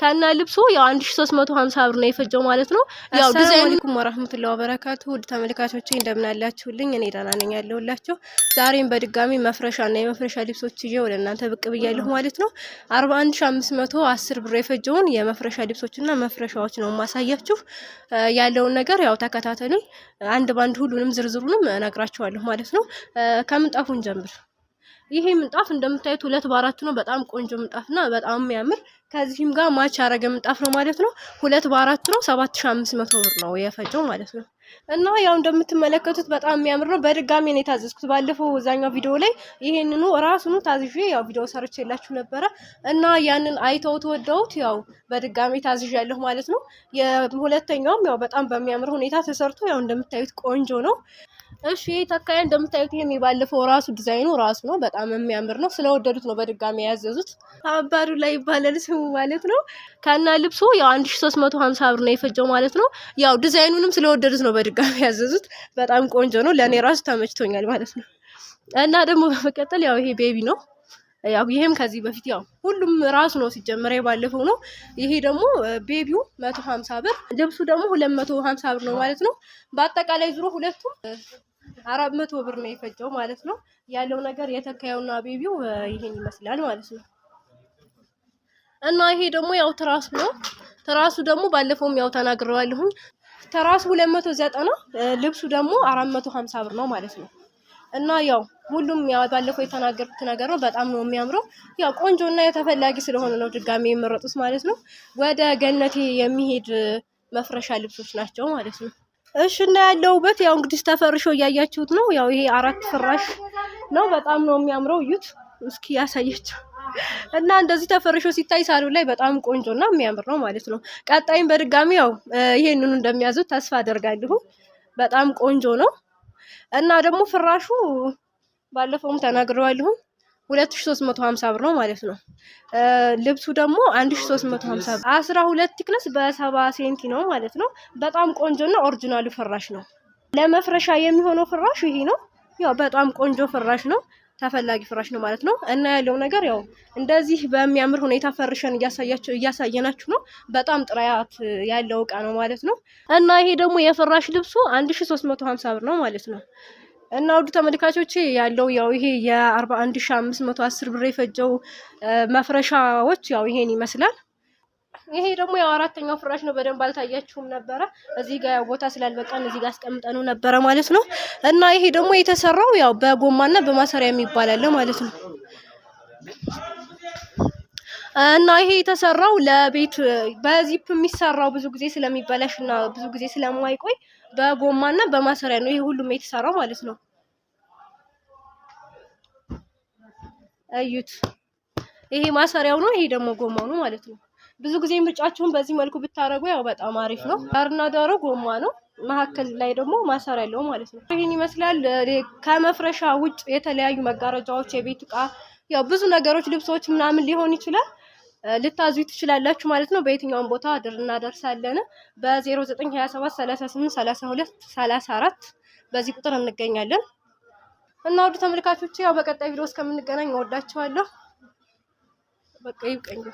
ከነ ልብሱ ያው 1350 ብር ነው የፈጀው ማለት ነው። ያው ዲዛይን አለይኩም ወራህመቱላሂ ወበረካቱ ውድ ተመልካቾቼ እንደምን አላችሁልኝ? እኔ ደህና ነኝ ያለሁላችሁ። ዛሬም በድጋሚ መፍረሻ እና የመፍረሻ ልብሶች ይዤ ወደ እናንተ ብቅ ብያለሁ ማለት ነው። 41510 ብር የፈጀውን የመፍረሻ ልብሶችና መፍረሻዎች ነው ማሳያችሁ። ያለውን ነገር ያው ተከታተሉኝ። አንድ ባንድ ሁሉንም ዝርዝሩንም እነግራችኋለሁ ማለት ነው። ከምንጣፉን ጀምር ይሄ ምንጣፍ እንደምታዩት ሁለት በአራት ነው። በጣም ቆንጆ ምንጣፍና በጣም የሚያምር ከዚህም ጋር ማች አረገ ምንጣፍ ነው ማለት ነው። ሁለት በአራት ነው፣ ሰባት ሺ አምስት መቶ ብር ነው የፈጀው ማለት ነው። እና ያው እንደምትመለከቱት በጣም የሚያምር ነው። በድጋሚ ነው የታዘዝኩት። ባለፈው እዛኛው ቪዲዮ ላይ ይሄንኑ ራሱኑ ታዝዤ ያው ቪዲዮ ሰርች የላችሁ ነበረ እና ያንን አይተው ተወደውት ያው በድጋሚ ታዝዣለሁ ማለት ነው። የሁለተኛውም ያው በጣም በሚያምር ሁኔታ ተሰርቶ ያው እንደምታዩት ቆንጆ ነው። እሺ ይህ ተካያ እንደምታዩት ይህም የባለፈው ራሱ ዲዛይኑ ራሱ ነው። በጣም የሚያምር ነው። ስለወደዱት ነው በድጋሚ ያዘዙት። አባዱ ላይ ይባላል ስሙ ማለት ነው። ከና ልብሱ ያው አንድ ሺ ሶስት መቶ ሀምሳ ብር ነው የፈጀው ማለት ነው። ያው ዲዛይኑንም ስለወደዱት ነው በድጋሚ ያዘዙት። በጣም ቆንጆ ነው። ለእኔ ራሱ ተመችቶኛል ማለት ነው። እና ደግሞ በመቀጠል ያው ይሄ ቤቢ ነው። ያው ይሄም ከዚህ በፊት ያው ሁሉም ራሱ ነው ሲጀመር የባለፈው ነው። ይሄ ደግሞ ቤቢው 150 ብር ልብሱ ደግሞ 250 መቶ ብር ነው ማለት ነው። በአጠቃላይ ዙሮ ሁለቱም አራት መቶ ብር ነው የፈጀው ማለት ነው። ያለው ነገር የተካየውና ቤቢው ይሄን ይመስላል ማለት ነው። እና ይሄ ደግሞ ያው ትራሱ ነው። ትራሱ ደግሞ ባለፈውም ያው ተናግሬዋለሁኝ። ተራሱ 290 ልብሱ ደግሞ 450 ብር ነው ማለት ነው። እና ያው ሁሉም ያው ባለፈው የተናገርኩት ነገር ነው። በጣም ነው የሚያምረው። ያው ቆንጆ እና የተፈላጊ ስለሆነ ነው ድጋሚ የመረጡት ማለት ነው። ወደ ገነቴ የሚሄድ መፍረሻ ልብሶች ናቸው ማለት ነው። እሺ እና ውበት ያው እንግዲህ ተፈርሾ እያያችሁት ነው። ያው ይሄ አራት ፍራሽ ነው። በጣም ነው የሚያምረው። እዩት እስኪ ያሳያችሁ እና እንደዚህ ተፈርሾ ሲታይ ሳሉ ላይ በጣም ቆንጆ እና የሚያምር ነው ማለት ነው። ቀጣይም በድጋሚ ያው ይሄንኑ እንደሚያዙት ተስፋ አደርጋለሁ። በጣም ቆንጆ ነው እና ደግሞ ፍራሹ ባለፈውም ተናግረዋለሁ ሁለት ሺ ሶስት መቶ ሀምሳ ብር ነው ማለት ነው። ልብሱ ደግሞ አንድ ሺ ሶስት መቶ ሀምሳ ብር አስራ ሁለት ቲክነስ በሰባ ሴንቲ ነው ማለት ነው። በጣም ቆንጆና ኦሪጂናሉ ፍራሽ ነው። ለመፍረሻ የሚሆነው ፍራሽ ይሄ ነው። ያው በጣም ቆንጆ ፍራሽ ነው። ተፈላጊ ፍራሽ ነው ማለት ነው። እና ያለው ነገር ያው እንደዚህ በሚያምር ሁኔታ ፈርሸን እያሳየናችሁ ነው። በጣም ጥራት ያለው እቃ ነው ማለት ነው። እና ይሄ ደግሞ የፍራሽ ልብሱ አንድ ሺ ሶስት መቶ ሀምሳ ብር ነው ማለት ነው። እና ውድ ተመልካቾች ያለው ያው ይሄ የ41510 ብር የፈጀው መፍረሻዎች ያው ይሄን ይመስላል። ይሄ ደግሞ ያው አራተኛው ፍራሽ ነው። በደንብ አልታያችሁም ነበረ። እዚህ ጋር ያው ቦታ ስላልበቃን እዚህ ጋር አስቀምጠነው ነበረ ማለት ነው። እና ይሄ ደግሞ የተሰራው ያው በጎማና በማሰሪያ የሚባል ማለት ነው። እና ይሄ የተሰራው ለቤት በዚፕ የሚሰራው ብዙ ጊዜ ስለሚበላሽ እና ብዙ ጊዜ ስለማይቆይ በጎማና በማሰሪያ ነው ይሄ ሁሉም የተሰራው ማለት ነው። እዩት። ይሄ ማሰሪያው ነው፣ ይሄ ደግሞ ጎማው ነው ማለት ነው። ብዙ ጊዜ ምርጫችሁን በዚህ መልኩ ብታደርጉ ያው በጣም አሪፍ ነው። ዳርና ዳሩ ጎማ ነው፣ መካከል ላይ ደግሞ ማሰሪያ ያለው ማለት ነው። ይህን ይመስላል። ከመፍረሻ ውጭ የተለያዩ መጋረጃዎች፣ የቤት እቃ፣ ያው ብዙ ነገሮች፣ ልብሶች ምናምን ሊሆን ይችላል። ልታዙ ትችላላችሁ ማለት ነው። በየትኛውም ቦታ አድር እናደርሳለን። በ0927 38 32 34 በዚህ ቁጥር እንገኛለን እና ውድ ተመልካቾች ያው በቀጣይ ቪዲዮ እስከምንገናኝ እወዳችኋለሁ። በቃ ይብቀኝ።